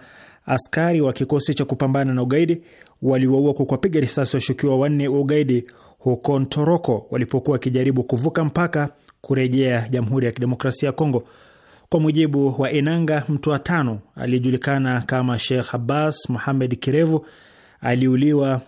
askari wa kikosi cha kupambana na ugaidi waliwaua kwa kupiga risasi washukiwa wanne wa ugaidi huko Ntoroko walipokuwa wakijaribu kuvuka mpaka kurejea Jamhuri ya Kidemokrasia ya Kongo. Kwa mujibu wa Enanga, mtu wa tano aliyejulikana kama Sheikh Abbas muhamed Kirevu aliuliwa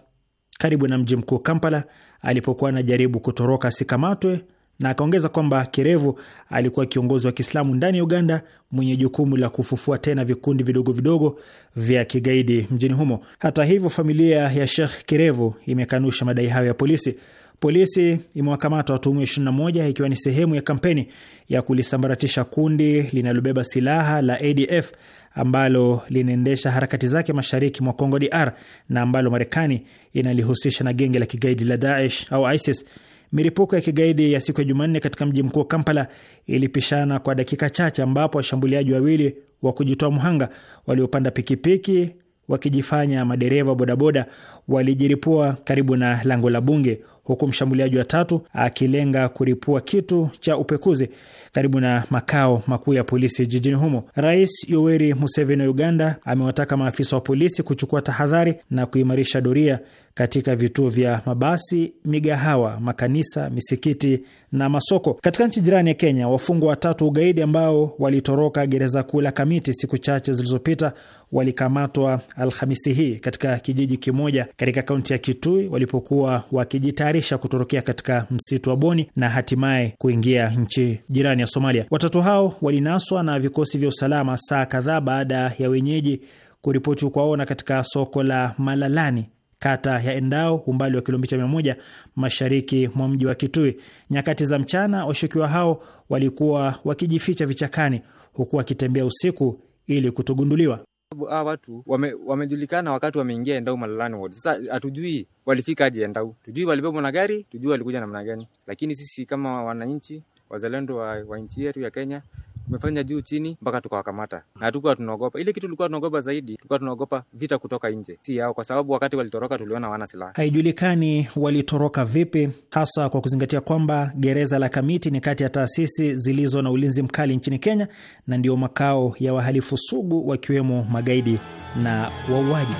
karibu na mji mkuu Kampala alipokuwa anajaribu kutoroka asikamatwe na akaongeza kwamba Kerevu alikuwa kiongozi wa Kiislamu ndani ya Uganda mwenye jukumu la kufufua tena vikundi vidogo vidogo vya kigaidi mjini humo. Hata hivyo, familia ya Sheikh Kerevu imekanusha madai hayo ya polisi. Polisi imewakamata watuhumiwa 21 ikiwa ni sehemu ya kampeni ya kulisambaratisha kundi linalobeba silaha la ADF ambalo linaendesha harakati zake mashariki mwa Congo DR na ambalo Marekani inalihusisha na genge la kigaidi la Daesh au ISIS. Milipuko ya kigaidi ya siku ya Jumanne katika mji mkuu Kampala ilipishana kwa dakika chache, ambapo washambuliaji wawili wa kujitoa mhanga waliopanda pikipiki wakijifanya madereva bodaboda walijiripua karibu na lango la bunge huku mshambuliaji wa tatu akilenga kuripua kitu cha upekuzi karibu na makao makuu ya polisi jijini humo. Rais Yoweri Museveni wa Uganda amewataka maafisa wa polisi kuchukua tahadhari na kuimarisha doria katika vituo vya mabasi, migahawa, makanisa, misikiti na masoko. Katika nchi jirani ya Kenya, wafungwa watatu ugaidi ambao walitoroka gereza kuu la Kamiti siku chache zilizopita walikamatwa Alhamisi hii katika kijiji kimoja katika kaunti ya Kitui walipokuwa wakijita kujitayarisha kutorokea katika msitu wa Boni na hatimaye kuingia nchi jirani ya Somalia. Watatu hao walinaswa na vikosi vya usalama saa kadhaa baada ya wenyeji kuripoti kuwaona katika soko la Malalani kata ya Endao umbali wa kilomita moja mashariki mwa mji wa Kitui. Nyakati za mchana, washukiwa hao walikuwa wakijificha vichakani, huku wakitembea usiku ili kutogunduliwa. Hawa watu wamejulikana wame wakati wameingia Endau Malalani Ward. Sasa hatujui walifika aje Endau, tujui walibebwa na gari, tujui walikuja namna gani, lakini sisi kama wananchi wazalendo wa, wa nchi yetu ya Kenya Tumefanya juu chini mpaka tukawakamata, na tukuwa tunaogopa ile kitu. Tulikuwa tunaogopa zaidi, tulikuwa tunaogopa vita kutoka nje, si yao, kwa sababu wakati walitoroka tuliona wana silaha. Haijulikani walitoroka vipi, hasa kwa kuzingatia kwamba gereza la Kamiti ni kati ya taasisi zilizo na ulinzi mkali nchini Kenya na ndio makao ya wahalifu sugu, wakiwemo magaidi na wauaji.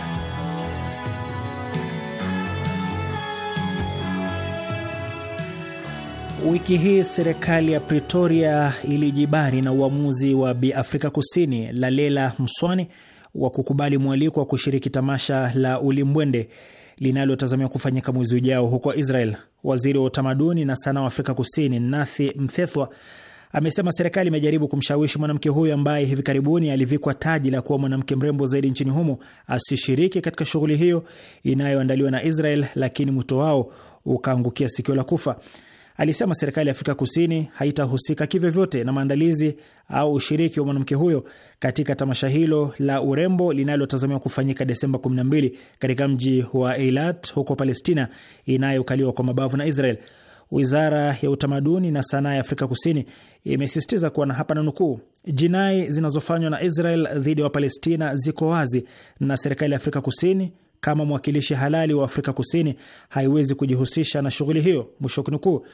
Wiki hii serikali ya Pretoria ilijibari na uamuzi wa Bi Afrika Kusini Lalela Mswane wa kukubali mwaliko wa kushiriki tamasha la Ulimbwende linalotazamiwa kufanyika mwezi ujao huko Israel. Waziri wa utamaduni na sanaa wa Afrika Kusini Nathi Mthethwa amesema serikali imejaribu kumshawishi mwanamke huyo ambaye hivi karibuni alivikwa taji la kuwa mwanamke mrembo zaidi nchini humo asishiriki katika shughuli hiyo inayoandaliwa na Israel, lakini mwito wao ukaangukia sikio la kufa alisema serikali ya Afrika Kusini haitahusika kivyovyote na maandalizi au ushiriki wa mwanamke huyo katika tamasha hilo la urembo linalotazamiwa kufanyika Desemba 12 katika mji wa Eilat huko Palestina inayokaliwa kwa mabavu na Israel. Wizara ya utamaduni na sanaa ya Afrika Kusini imesisitiza kuwa na hapa na nukuu, jinai zinazofanywa na Israel dhidi ya Wapalestina ziko wazi na serikali ya Afrika Kusini kama mwakilishi halali wa Afrika Kusini haiwezi kujihusisha na shughuli hiyo, mwisho kunukuu.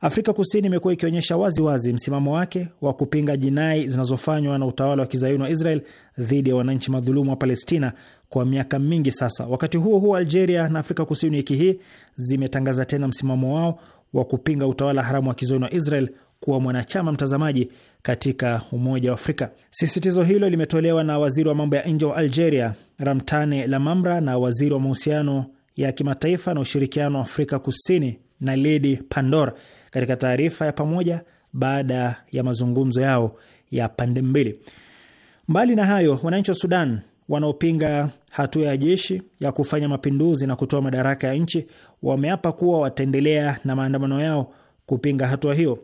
Afrika Kusini imekuwa ikionyesha waziwazi wazi msimamo wake wa kupinga jinai zinazofanywa na utawala wa kizayuni wa Israel dhidi ya wananchi madhulumu wa Palestina kwa miaka mingi sasa. Wakati huo huo, Algeria na Afrika Kusini wiki hii zimetangaza tena msimamo wao wa kupinga utawala haramu wa kizayuni wa Israel kuwa mwanachama mtazamaji katika Umoja wa Afrika. Sisitizo hilo limetolewa na waziri wa mambo ya nje wa Algeria, Ramtane Lamamra, na waziri wa mahusiano ya kimataifa na ushirikiano wa Afrika Kusini, Naledi Pandor, katika taarifa ya pamoja baada ya mazungumzo yao ya pande mbili. Mbali na hayo, wananchi wa Sudan wanaopinga hatua ya jeshi ya kufanya mapinduzi na kutoa madaraka ya nchi wameapa kuwa wataendelea na maandamano yao kupinga hatua hiyo.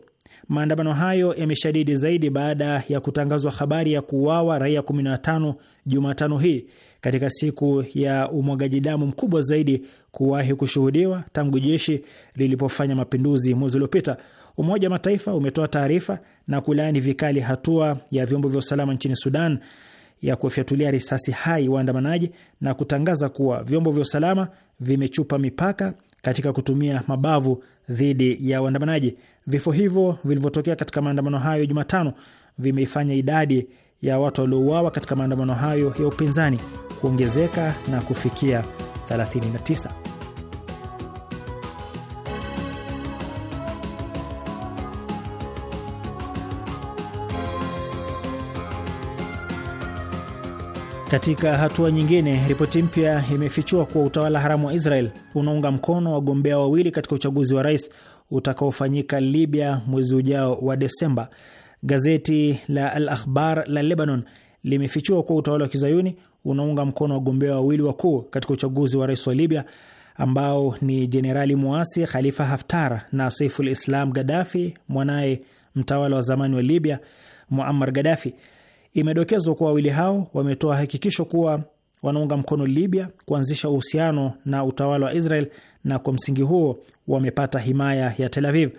Maandamano hayo yameshadidi zaidi baada ya kutangazwa habari ya kuuawa raia 15 Jumatano hii katika siku ya umwagaji damu mkubwa zaidi kuwahi kushuhudiwa tangu jeshi lilipofanya mapinduzi mwezi uliopita. Umoja wa Mataifa umetoa taarifa na kulaani vikali hatua ya vyombo vya usalama nchini Sudan ya kuwafyatulia risasi hai waandamanaji na kutangaza kuwa vyombo vya usalama vimechupa mipaka katika kutumia mabavu dhidi ya waandamanaji. Vifo hivyo vilivyotokea katika maandamano hayo Jumatano vimeifanya idadi ya watu waliouawa katika maandamano hayo ya upinzani kuongezeka na kufikia 39. Katika hatua nyingine, ripoti mpya imefichua kuwa utawala haramu wa Israel unaunga mkono wagombea wawili katika uchaguzi wa rais utakaofanyika Libya mwezi ujao wa Desemba. Gazeti la Al Akhbar la Lebanon limefichua kuwa utawala wa kizayuni unaunga mkono wagombea wawili wakuu katika uchaguzi wa rais wa Libya ambao ni jenerali muasi Khalifa Haftar na Saiful Islam Gaddafi, mwanaye mtawala wa zamani wa Libya Muammar Gaddafi. Imedokezwa kuwa wawili hao wametoa hakikisho kuwa wanaunga mkono Libya kuanzisha uhusiano na utawala wa Israel na kwa msingi huo wamepata himaya ya Tel Aviv.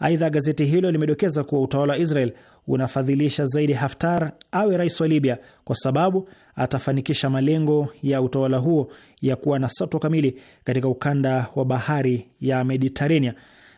Aidha, gazeti hilo limedokeza kuwa utawala wa Israel unafadhilisha zaidi Haftar awe rais wa Libya kwa sababu atafanikisha malengo ya utawala huo ya kuwa na satwa kamili katika ukanda wa bahari ya Mediterania.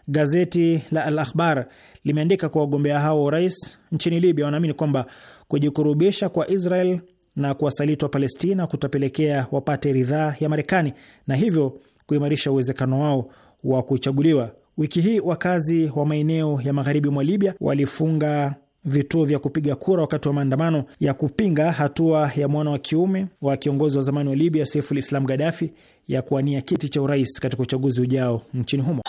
Gazeti la Al Akhbar limeandika kuwa wagombea hao wa urais nchini Libya wanaamini kwamba kujikurubisha kwa Israel na kuwasaliti wa Palestina kutapelekea wapate ridhaa ya Marekani na hivyo kuimarisha uwezekano wao wa kuchaguliwa. Wiki hii wakazi wa maeneo ya magharibi mwa Libya walifunga vituo vya kupiga kura wakati wa maandamano ya kupinga hatua ya mwana wa kiume wa kiongozi wa zamani wa Libya Saiful Islam Gaddafi ya kuwania kiti cha urais katika uchaguzi ujao nchini humo.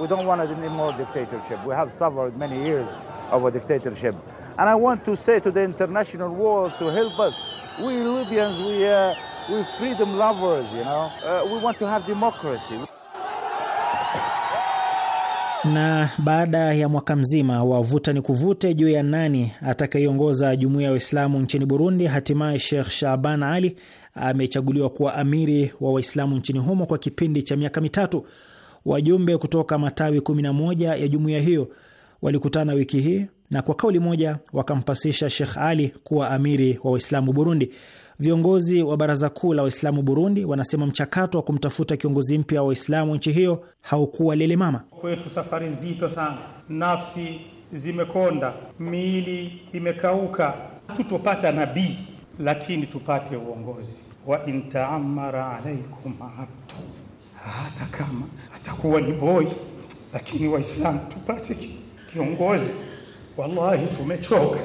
We don't want any more dictatorship. We have suffered many years of a dictatorship. And I want to say to the international world to help us. We Libyans, we, uh, We're freedom lovers, you know. Uh, we want to have democracy. Na baada ya mwaka mzima wa vuta ni kuvute juu ya nani atakayeongoza jumuiya ya Waislamu nchini Burundi, hatimaye Sheikh Shaban Ali amechaguliwa kuwa amiri wa Waislamu nchini humo kwa kipindi cha miaka mitatu. Wajumbe kutoka matawi 11 ya jumuiya hiyo walikutana wiki hii na kwa kauli moja wakampasisha Sheikh Ali kuwa amiri wa Waislamu Burundi. Viongozi wa Baraza Kuu la Waislamu Burundi wanasema mchakato wa kumtafuta kiongozi mpya wa Waislamu nchi hiyo haukuwa lele mama. Kwetu safari nzito sana, nafsi zimekonda, miili imekauka. Hatutopata nabii, lakini tupate uongozi wa intaamara alaikum abdu, hata kama atakuwa ni boi, lakini Waislamu tupate kiongozi. Wallahi tumechoka,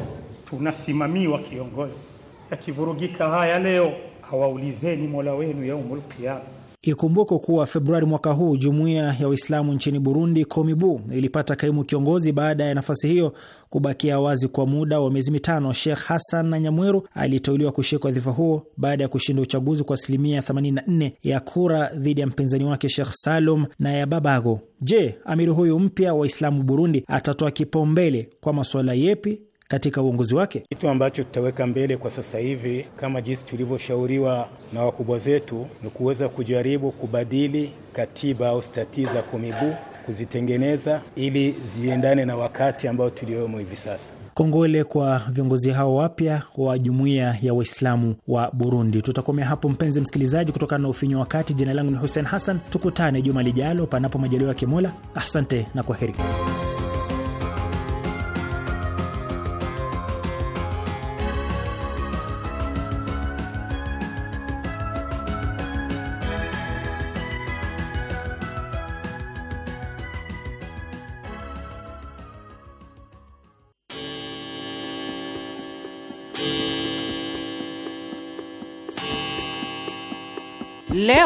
tunasimamiwa kiongozi yakivurugika haya leo, hawaulizeni mola wenu yaumul qiyama. Ikumbukwe kuwa Februari mwaka huu jumuiya ya Waislamu nchini Burundi, Komibu, ilipata kaimu kiongozi baada ya nafasi hiyo kubakia wazi kwa muda wa miezi mitano. Sheikh Hassan na Nyamweru aliteuliwa kushika wadhifa huo baada ya kushinda uchaguzi kwa asilimia 84 ya kura dhidi ya mpinzani wake Sheikh Salum na ya Babago. Je, amiri huyu mpya wa Waislamu Burundi atatoa kipaumbele kwa masuala yepi katika uongozi wake? Kitu ambacho tutaweka mbele kwa sasa hivi kama jinsi tulivyoshauriwa na wakubwa zetu ni kuweza kujaribu kubadili katiba au stati za Komibu, kuzitengeneza ili ziendane na wakati ambao tuliomo hivi sasa. Kongole kwa viongozi hao wapya wa jumuiya ya Waislamu wa Burundi. Tutakomea hapo mpenzi msikilizaji, kutokana na ufinyo wa wakati. Jina langu ni Hussein Hassan, tukutane juma lijalo, panapo majaliwa ya Kimola. Asante na kwaheri.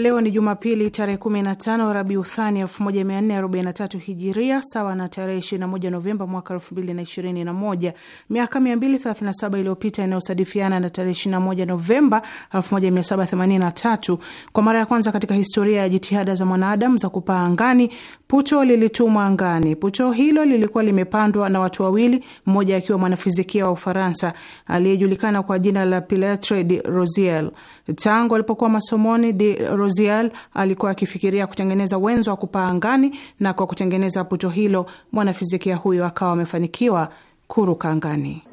Leo ni Jumapili tarehe 15 uthani 1443 Hijiria, sawa na tarehe 21 Novemba mwaka 2021. Miaka 237 iliyopita inayosadifiana na tarehe 21 Novemba 1783, kwa mara ya kwanza katika historia ya jitihada za mwanadamu za kupaa angani, puto lilitumwa angani. Puto hilo lilikuwa limepandwa na watu wawili, mmoja akiwa mwanafizikia wa Ufaransa aliyejulikana kwa jina la pilatre de rosiel Tangu alipokuwa masomoni, de rosial alikuwa akifikiria kutengeneza wenzo wa kupaa angani, na kwa kutengeneza puto hilo mwanafizikia huyo akawa amefanikiwa kuruka angani.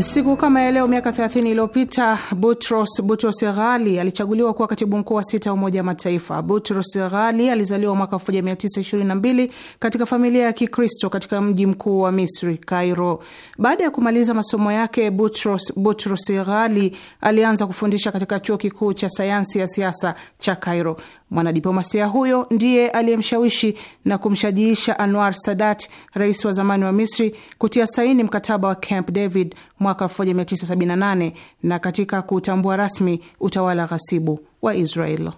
Siku kama ya leo miaka 30 iliyopita Butros Butros Ghali alichaguliwa kuwa katibu mkuu wa sita wa Umoja wa Mataifa. Butros Ghali alizaliwa mwaka 1922 katika familia ya Kikristo katika mji mkuu wa Misri, Cairo. Baada ya kumaliza masomo yake, Butros Butros Ghali alianza kufundisha katika chuo kikuu cha sayansi ya siasa cha Cairo. Mwanadiplomasia huyo ndiye aliyemshawishi na kumshajiisha Anwar Sadat, rais wa zamani wa Misri, kutia saini mkataba wa Camp David mwaka 1978 na katika kutambua rasmi utawala ghasibu wa Israel.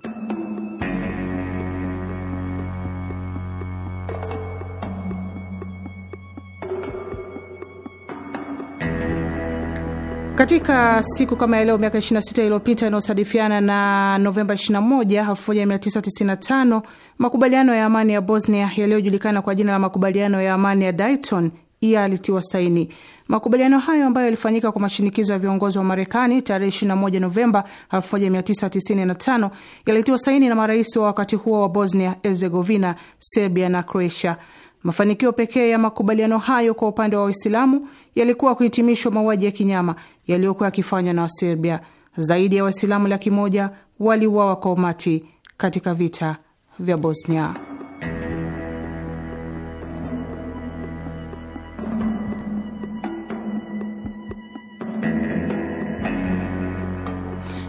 Katika siku kama ya leo miaka 26 iliyopita inayosadifiana na Novemba 21, 1995 makubaliano ya amani ya Bosnia yaliyojulikana kwa jina la makubaliano ya amani ya Dayton yalitiwa saini. Makubaliano hayo ambayo yalifanyika kwa mashinikizo ya viongozi wa Marekani tarehe 21 Novemba 1995 yalitiwa saini na marais wa wakati huo wa Bosnia Herzegovina, Serbia na Croatia. Mafanikio pekee ya makubaliano hayo kwa upande wa Waislamu yalikuwa kuhitimishwa mauaji ya kinyama yaliyokuwa yakifanywa na Waserbia. Zaidi ya Waislamu laki moja waliuawa kwa umati katika vita vya Bosnia.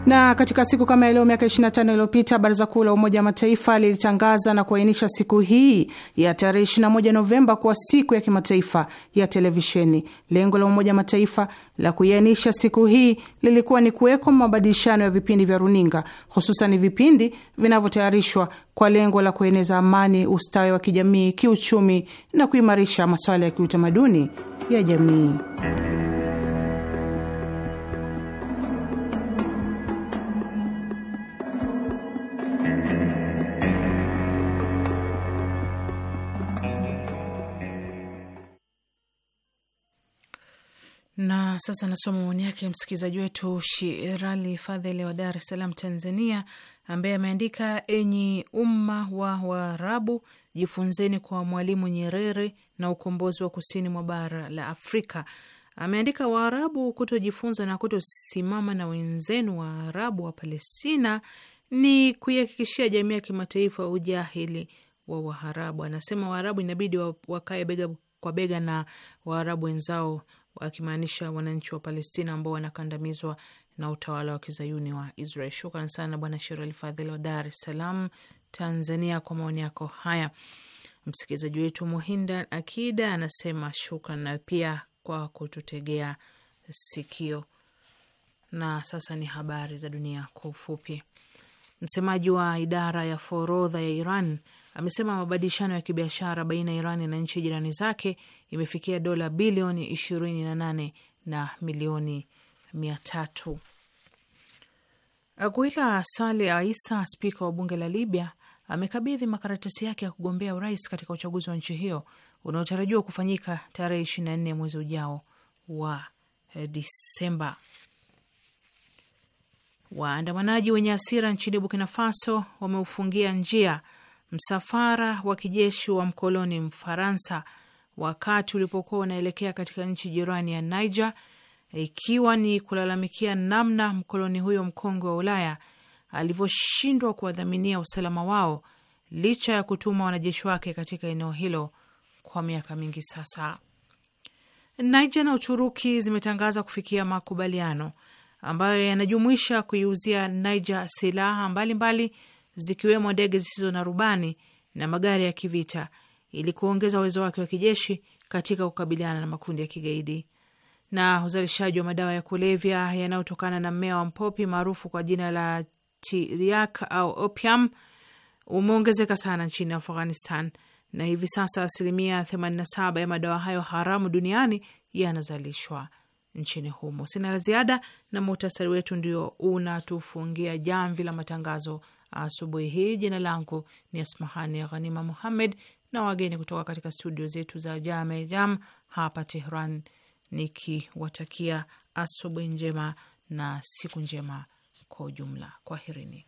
Na katika siku kama leo miaka 25 iliyopita Baraza Kuu la Umoja wa Mataifa lilitangaza na kuainisha siku hii ya tarehe 21 Novemba kuwa siku ya kimataifa ya televisheni. Lengo la Umoja wa Mataifa la kuiainisha siku hii lilikuwa ni kuwekwa mabadilishano ya vipindi vya runinga, hususan vipindi vinavyotayarishwa kwa lengo la kueneza amani, ustawi wa kijamii, kiuchumi na kuimarisha masuala ya kiutamaduni ya jamii. sasa nasoma maoni yake msikilizaji wetu Shirali Fadhili wa Dar es Salaam, Tanzania, ambaye ameandika: enyi umma wa Waarabu, jifunzeni kwa Mwalimu Nyerere na ukombozi wa kusini mwa bara la Afrika. Ameandika Waarabu kutojifunza na kutosimama na wenzenu Arabu wa Palestina ni kuihakikishia jamii ya kimataifa ujahili wa Waarabu. Anasema Waarabu inabidi wakae bega kwa bega na Waarabu wenzao akimaanisha wananchi wa Palestina ambao wanakandamizwa na utawala wa kizayuni wa Israel. Shukran sana Bwana Sherali Fadhili wa Dar es Salaam, Tanzania, kwa maoni yako haya. Msikilizaji wetu Muhinda Akida anasema shukran na pia kwa kututegea sikio. Na sasa ni habari za dunia kwa ufupi. Msemaji wa idara ya forodha ya Iran amesema mabadilishano ya kibiashara baina ya Irani na nchi jirani zake imefikia dola bilioni ishirini na nane na milioni mia tatu. Aguila Sale Aisa, spika wa bunge la Libya, amekabidhi makaratasi yake ya kugombea urais katika uchaguzi wa nchi hiyo unaotarajiwa kufanyika tarehe nne mwezi ujao wa Disemba. Waandamanaji wenye hasira nchini Burkina Faso wameufungia njia msafara wa kijeshi wa mkoloni Mfaransa wakati ulipokuwa unaelekea katika nchi jirani ya Niger, ikiwa ni kulalamikia namna mkoloni huyo mkongwe wa Ulaya alivyoshindwa kuwadhaminia usalama wao licha ya kutuma wanajeshi wake katika eneo hilo kwa miaka mingi sasa. Niger na Uturuki zimetangaza kufikia makubaliano ambayo yanajumuisha kuiuzia Niger silaha mbalimbali mbali zikiwemo ndege zisizo na rubani na magari ya kivita ili kuongeza uwezo wake wa kijeshi katika kukabiliana na makundi ya kigaidi. Na uzalishaji wa madawa ya kulevya yanayotokana na mmea wa mpopi maarufu kwa jina la tiriak au opium umeongezeka sana nchini Afghanistan, na hivi sasa asilimia 87 ya madawa hayo haramu duniani yanazalishwa nchini humo. Sina la ziada, na muhtasari wetu ndio unatufungia jamvi la matangazo asubuhi hii. Jina langu ni Asmahani Ghanima Muhammed na wageni kutoka katika studio zetu za Jame Jam hapa Tehran, nikiwatakia asubuhi njema na siku njema kwa ujumla. Kwaherini.